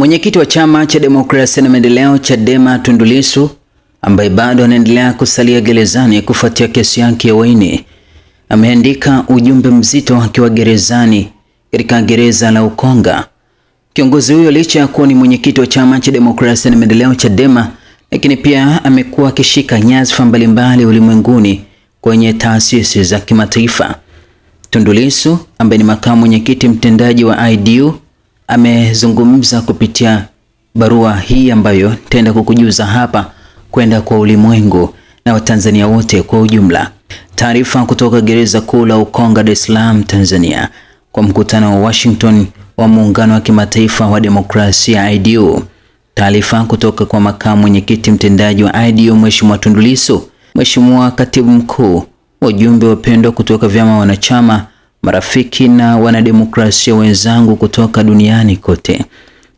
Mwenyekiti wa chama cha demokrasia na maendeleo Chadema Tundu Lissu ambaye bado anaendelea kusalia gerezani kufuatia kesi yake ya uhaini ameandika ujumbe mzito akiwa gerezani katika gereza la Ukonga. Kiongozi huyo licha ya kuwa ni mwenyekiti wa chama cha demokrasia na maendeleo Chadema, lakini pia amekuwa akishika nyadhifa mbalimbali ulimwenguni kwenye taasisi za kimataifa. Tundu Lissu ambaye ni makamu mwenyekiti mtendaji wa IDU amezungumza kupitia barua hii ambayo nitaenda kukujuza hapa kwenda kwa ulimwengu na Watanzania wote kwa ujumla. Taarifa kutoka gereza kuu la Ukonga, Dar es Salaam, Tanzania, kwa mkutano wa Washington wa muungano wa kimataifa wa demokrasia IDU. Taarifa kutoka kwa makamu mwenyekiti mtendaji wa IDU Mheshimiwa Tundu Lissu, Mheshimiwa katibu mkuu, wajumbe wapendwa kutoka vyama wanachama marafiki na wanademokrasia wenzangu kutoka duniani kote.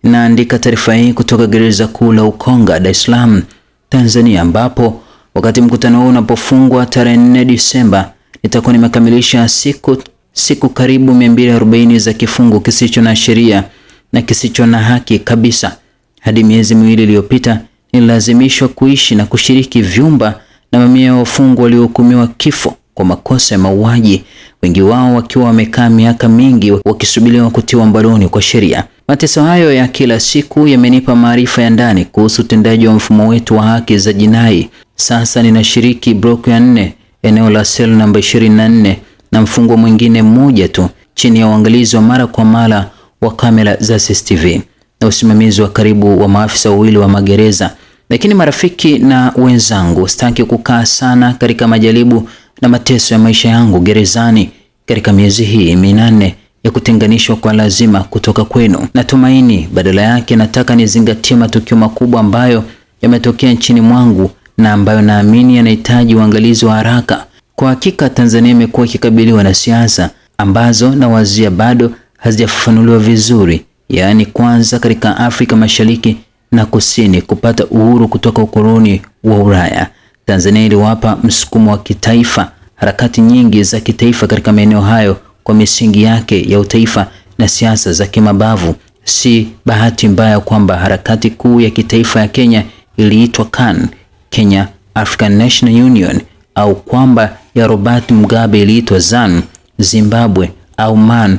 Naandika taarifa hii kutoka gereza kuu la Ukonga, Dar es Salaam, Tanzania, ambapo wakati mkutano huu unapofungwa tarehe 4 Disemba, nitakuwa nimekamilisha siku siku karibu 240 za kifungo kisicho na sheria na kisicho na haki kabisa. Hadi miezi miwili iliyopita nililazimishwa kuishi na kushiriki vyumba na mamia ya wafungwa waliohukumiwa kifo kwa makosa ya mauaji, wengi wao wakiwa wamekaa miaka mingi wakisubiriwa kutiwa mbaroni kwa sheria. Mateso hayo ya kila siku yamenipa maarifa ya ndani kuhusu utendaji wa mfumo wetu wa haki za jinai. Sasa ninashiriki bloku ya nne, eneo la sel namba 24 na mfungwa mwingine mmoja tu chini ya uangalizi wa mara kwa mara wa kamera za CCTV na usimamizi wa karibu wa maafisa wawili wa magereza. Lakini marafiki na wenzangu, sitaki kukaa sana katika majaribu na mateso ya maisha yangu gerezani katika miezi hii minane ya kutenganishwa kwa lazima kutoka kwenu. Natumaini badala yake, nataka nizingatie matukio makubwa ambayo yametokea nchini mwangu na ambayo naamini yanahitaji uangalizi wa haraka. Kwa hakika, Tanzania imekuwa ikikabiliwa na siasa ambazo nawazia bado hazijafafanuliwa vizuri, yaani kwanza katika Afrika Mashariki na Kusini kupata uhuru kutoka ukoloni wa Ulaya. Tanzania iliwapa msukumo wa kitaifa harakati nyingi za kitaifa katika maeneo hayo kwa misingi yake ya utaifa na siasa za kimabavu. Si bahati mbaya kwamba harakati kuu ya kitaifa ya Kenya iliitwa kan Kenya African National Union, au kwamba ya Robert Mugabe iliitwa ZANU Zimbabwe, au MAN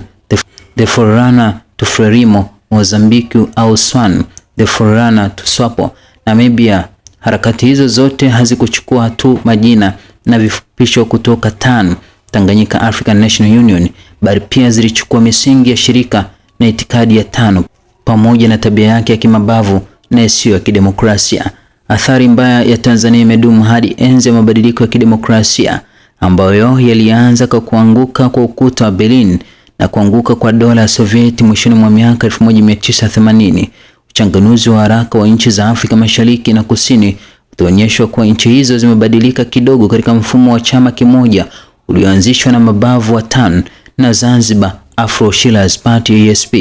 the Forerunner to Frelimo Mozambique, au SWAN the Forerunner to SWAPO Namibia Harakati hizo zote hazikuchukua tu majina na vifupisho kutoka TAN, Tanganyika African National Union, bali pia zilichukua misingi ya shirika na itikadi ya TANU pamoja na tabia yake ya kimabavu na isiyo ya kidemokrasia. Athari mbaya ya Tanzania imedumu hadi enzi ya mabadiliko ya kidemokrasia ambayo yalianza kwa kuanguka kwa ukuta wa Berlin na kuanguka kwa dola ya Sovieti mwishoni mwa miaka 1980. Uchanganuzi wa haraka wa nchi za Afrika Mashariki na Kusini utaonyeshwa kuwa nchi hizo zimebadilika kidogo katika mfumo wa chama kimoja ulioanzishwa na mabavu wa TAN na Zanzibar Afro Shirazi Party ASP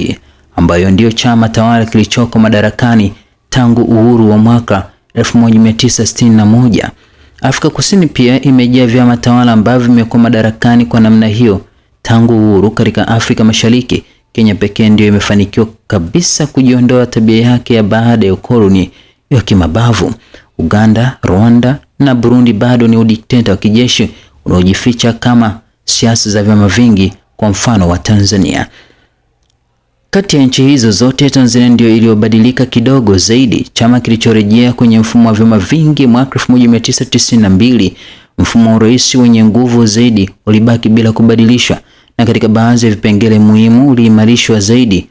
ambayo ndiyo chama tawala kilichoko madarakani tangu uhuru wa mwaka 1961. Afrika Kusini pia imejaa vyama tawala ambavyo vimekuwa madarakani kwa namna hiyo tangu uhuru katika Afrika Mashariki Kenya pekee ndiyo imefanikiwa kabisa kujiondoa tabia yake ya baada ya ukoloni ya kimabavu. Uganda, Rwanda na Burundi bado ni udikteta wa kijeshi unaojificha kama siasa za vyama vingi, kwa mfano wa Tanzania. Kati ya nchi hizo zote, Tanzania ndiyo iliyobadilika kidogo zaidi, chama kilichorejea kwenye mfumo wa vyama vingi mwaka 1992. Mfumo wa urais wenye nguvu zaidi ulibaki bila kubadilishwa na katika baadhi ya vipengele muhimu uliimarishwa zaidi.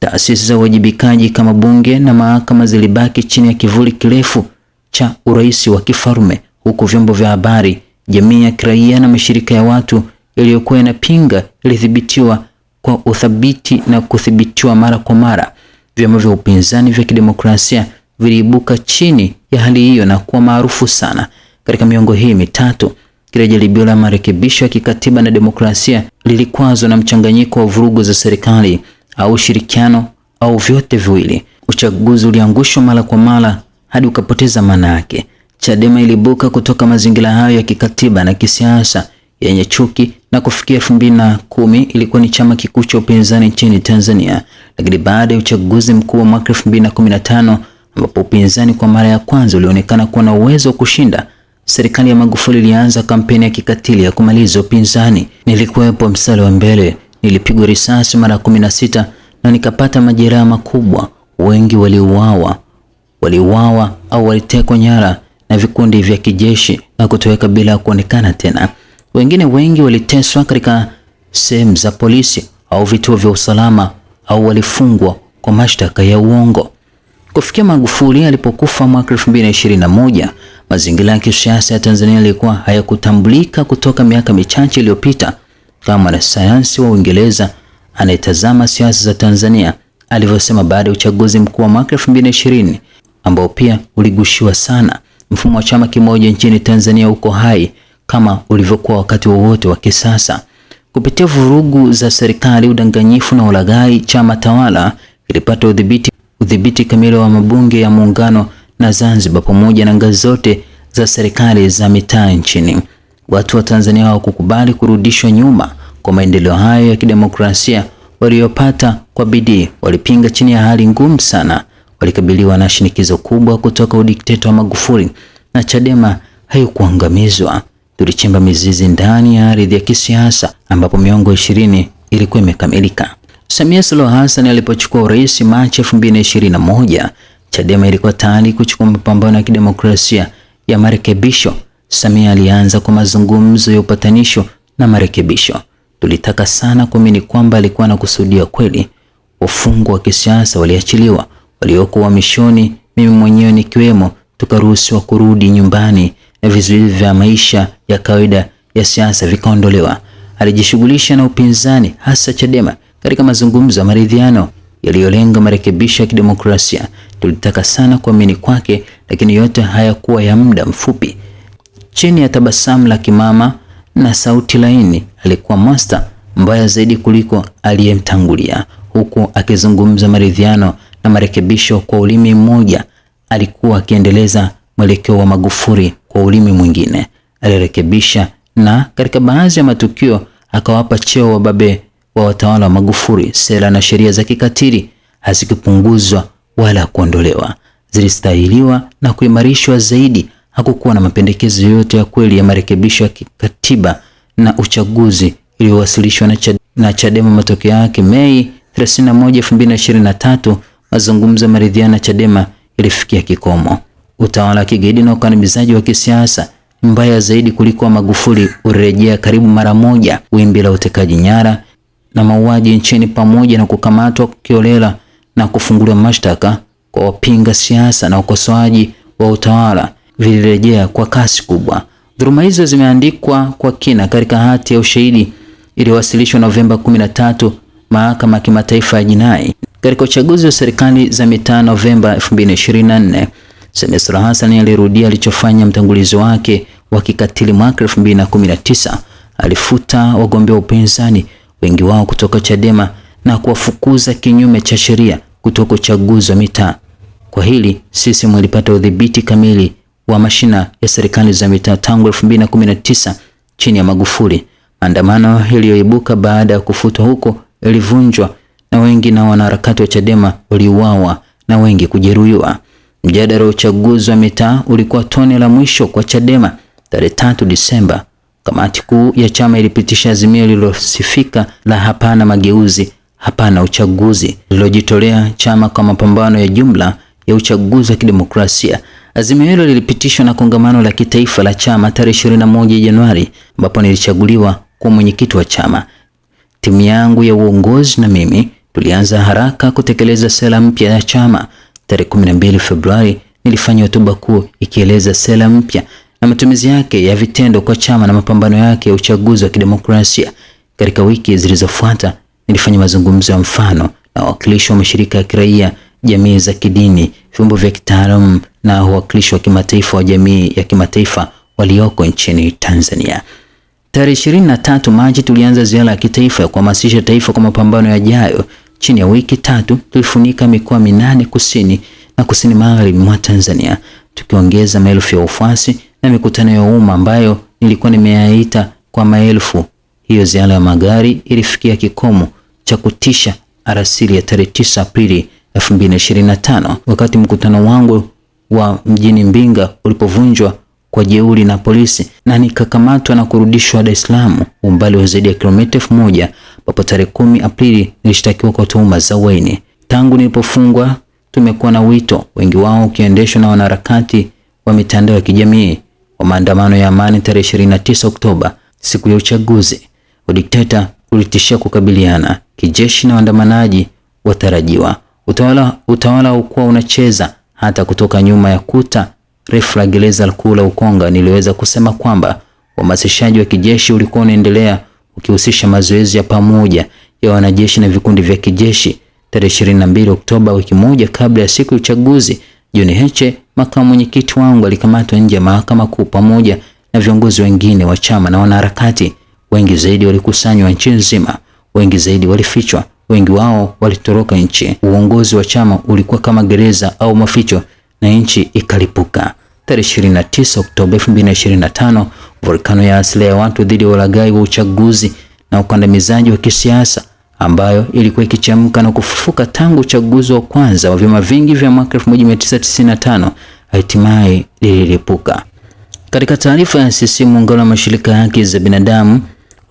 Taasisi za uwajibikaji kama bunge na mahakama zilibaki chini ya kivuli kirefu cha urais wa kifalme, huku vyombo vya habari, jamii ya kiraia na mashirika ya watu yaliyokuwa yanapinga ilithibitiwa kwa uthabiti na kuthibitiwa mara kwa mara. Vyama vya upinzani vya kidemokrasia viliibuka chini ya hali hiyo na kuwa maarufu sana katika miongo hii mitatu. Kila jaribio la marekebisho ya kikatiba na demokrasia lilikwazwa na mchanganyiko wa vurugu za serikali au ushirikiano au vyote viwili. Uchaguzi uliangushwa mara kwa mara hadi ukapoteza maana yake. Chadema ilibuka kutoka mazingira hayo ya kikatiba na kisiasa yenye chuki na kufikia elfu mbili na kumi ilikuwa ni chama kikuu cha upinzani nchini Tanzania. Lakini baada ya uchaguzi mkuu wa mwaka elfu mbili na kumi na tano ambapo upinzani kwa mara ya kwanza ulionekana kuwa na uwezo wa kushinda Serikali ya Magufuli ilianza kampeni ya kikatili ya kumaliza upinzani. Nilikuwepo mstari wa mbele, nilipigwa risasi mara kumi na nikapata majeraha makubwa. Wengi waliuawa, waliuawa au walitekwa nyara na vikundi vya kijeshi na kutoweka bila kuonekana tena. Wengine wengi waliteswa katika sehemu za polisi au vituo vya usalama au walifungwa kwa mashtaka ya uongo. Kufikia Magufuli alipokufa mwaka Mazingira ya kisiasa ya Tanzania yalikuwa hayakutambulika kutoka miaka michache iliyopita, kama mwanasayansi wa Uingereza anayetazama siasa za Tanzania alivyosema baada ya uchaguzi mkuu wa mwaka 2020 ambao pia uligushiwa sana. Mfumo wa chama kimoja nchini Tanzania uko hai kama ulivyokuwa wakati wowote wa kisasa. Kupitia vurugu za serikali, udanganyifu na ulaghai, chama tawala kilipata udhibiti udhibiti kamili wa mabunge ya muungano na Zanzibar pamoja na ngazi zote za serikali za mitaa nchini. Watu wa Tanzania hawakukubali kurudishwa nyuma kwa maendeleo hayo ya kidemokrasia waliopata kwa bidii. Walipinga chini ya hali ngumu sana, walikabiliwa na shinikizo kubwa kutoka udikteta wa Magufuli, na Chadema haikuangamizwa. Tulichimba mizizi ndani ya ardhi ya kisiasa ambapo miongo ishirini ilikuwa imekamilika. Samia Suluhu Hassan alipochukua urais Machi 2021 Chadema ilikuwa tayari kuchukua mapambano ya kidemokrasia ya marekebisho. Samia alianza kwa mazungumzo ya upatanisho na marekebisho. Tulitaka sana kuamini kwamba alikuwa anakusudia kweli. Wafungwa wa kisiasa waliachiliwa, waliokuwa uhamishoni, mimi mwenyewe nikiwemo, tukaruhusiwa kurudi nyumbani na vizuizi vya maisha ya kawaida ya siasa vikaondolewa. Alijishughulisha na upinzani, hasa Chadema, katika mazungumzo ya maridhiano yaliyolenga marekebisho ya kidemokrasia. Tulitaka sana kuamini kwake, lakini yote hayakuwa ya muda mfupi. Chini ya tabasamu la kimama na sauti laini, alikuwa Master mbaya zaidi kuliko aliyemtangulia, huku akizungumza maridhiano na marekebisho kwa ulimi mmoja. Alikuwa akiendeleza mwelekeo wa Magufuli kwa ulimi mwingine, alirekebisha na katika baadhi ya matukio akawapa cheo wababe wa watawala wa Magufuli. Sera na sheria za kikatili hazikupunguzwa wala kuondolewa, zilistahiliwa na kuimarishwa zaidi. Hakukuwa na mapendekezo yoyote ya kweli ya marekebisho ya kikatiba na uchaguzi iliyowasilishwa na Chadema. Matokeo yake Mei 31, 2023, mazungumzo ya maridhiano ya Chadema ilifikia kikomo. Utawala wa kigaidi na ukandamizaji wa kisiasa mbaya zaidi kuliko wa Magufuli urejea karibu mara moja. Wimbi la utekaji nyara na mauaji nchini pamoja na kukamatwa kiolela na kufunguliwa mashtaka kwa wapinga siasa na ukosoaji wa utawala vilirejea kwa kasi kubwa. Dhuluma hizo zimeandikwa kwa kina katika hati ya ushahidi iliyowasilishwa Novemba 13 Mahakama ya Kimataifa ya Jinai katika uchaguzi wa serikali za mitaa Novemba 2024. Samia Suluhu Hassan alirudia alichofanya mtangulizi wake wa kikatili mwaka 2019. Alifuta wagombea upinzani wengi wao kutoka Chadema na kuwafukuza kinyume cha sheria kutoka uchaguzi wa mitaa. Kwa hili CCM ilipata udhibiti kamili wa mashina ya serikali za mitaa tangu 2019 chini ya Magufuli. Maandamano yaliyoibuka baada ya kufutwa huko yalivunjwa na wengi na wanaharakati wa Chadema waliuawa na wengi kujeruhiwa. Mjadala wa uchaguzi wa mitaa ulikuwa tone la mwisho kwa Chadema. Tarehe tatu Disemba, kamati kuu ya chama ilipitisha azimio lililosifika la hapana mageuzi hapana uchaguzi lililojitolea chama kwa mapambano ya jumla ya uchaguzi wa kidemokrasia. Azimio hilo lilipitishwa na kongamano la kitaifa la chama tarehe 21 Januari, ambapo nilichaguliwa kuwa mwenyekiti wa chama. Timu yangu ya uongozi na mimi tulianza haraka kutekeleza sera mpya ya chama. Tarehe 12 Februari nilifanya hotuba kuu ikieleza sera mpya na matumizi yake ya vitendo kwa chama na mapambano yake ya uchaguzi wa kidemokrasia. Katika wiki zilizofuata nilifanya mazungumzo ya mfano na wawakilishi wa mashirika ya kiraia, jamii za kidini, vyombo vya kitaalamu na wawakilishi wa kimataifa wa jamii ya kimataifa walioko nchini Tanzania. Tarehe 23 Machi tulianza ziara ya kitaifa ya kuhamasisha taifa kwa mapambano yajayo. Chini ya wiki tatu tulifunika mikoa minane kusini na kusini magharibi mwa Tanzania, tukiongeza maelfu ya wafuasi na mikutano ya umma ambayo nilikuwa nimeyaita kwa maelfu. Hiyo ziara ya magari ilifikia kikomo cha kutisha arasili ya tarehe 9 Aprili 2025 wakati mkutano wangu wa mjini Mbinga ulipovunjwa kwa jeuri na polisi na nikakamatwa na kurudishwa Dar es Salaam umbali wa zaidi ya kilomita elfu moja ambapo tarehe 10 Aprili nilishtakiwa kwa tuhuma za uhaini. Tangu nilipofungwa tumekuwa na wito, wengi wao ukiendeshwa na wanaharakati wa mitandao ya kijamii wa maandamano ya amani tarehe 29 Oktoba, siku ya uchaguzi. Udikteta ulitishia kukabiliana kijeshi na waandamanaji watarajiwa. Utawala utawala ukuwa unacheza hata kutoka nyuma ya kuta refu la gereza kuu la Ukonga. Niliweza kusema kwamba uhamasishaji wa kijeshi ulikuwa unaendelea ukihusisha mazoezi ya pamoja ya wanajeshi na vikundi vya kijeshi. Tarehe 22 Oktoba, wiki moja kabla ya siku ya uchaguzi, John Heche, makamu mwenyekiti wangu, alikamatwa nje ya mahakama kuu pamoja na viongozi wengine wa chama na wanaharakati wengi zaidi walikusanywa nchi nzima wengi zaidi walifichwa, wengi wao walitoroka nchi. Uongozi wa chama ulikuwa kama gereza au maficho, na nchi ikalipuka. Tarehe 29 Oktoba 2025, volkano ya asili ya watu dhidi ya ulaghai wa uchaguzi na ukandamizaji wa kisiasa ambayo ilikuwa ikichemka na kufufuka tangu uchaguzi wa kwanza wa vyama vingi vya mwaka 1995 hatimaye lililipuka. Katika taarifa ya sisi muungano wa mashirika ya haki za binadamu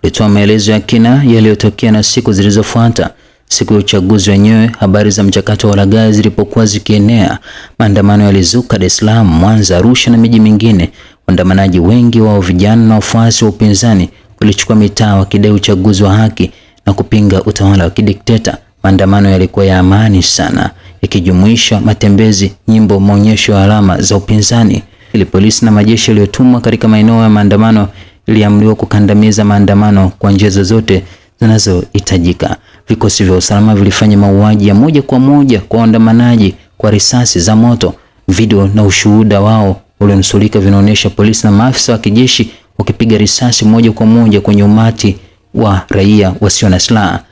ulitoa maelezo ya kina yaliyotokea na siku zilizofuata. Siku ya uchaguzi wenyewe, habari za mchakato wa ulaghai zilipokuwa zikienea, maandamano yalizuka Dar es Salaam, Mwanza, Arusha na miji mingine. Waandamanaji wengi wao vijana na wafuasi wa upinzani walichukua mitaa wakidai uchaguzi wa haki na kupinga utawala wa kidikteta. Maandamano yalikuwa ya amani sana, yakijumuisha matembezi, nyimbo, maonyesho ya alama za upinzani. Ili polisi na majeshi yaliyotumwa katika maeneo ya maandamano iliamriwa kukandamiza maandamano kwa njia zozote zinazohitajika. Vikosi vya usalama vilifanya mauaji ya moja kwa moja kwa waandamanaji kwa risasi za moto. Video na ushuhuda wao ulionusulika vinaonyesha polisi na maafisa wa kijeshi wakipiga risasi moja kwa moja kwenye umati wa raia wasio na silaha.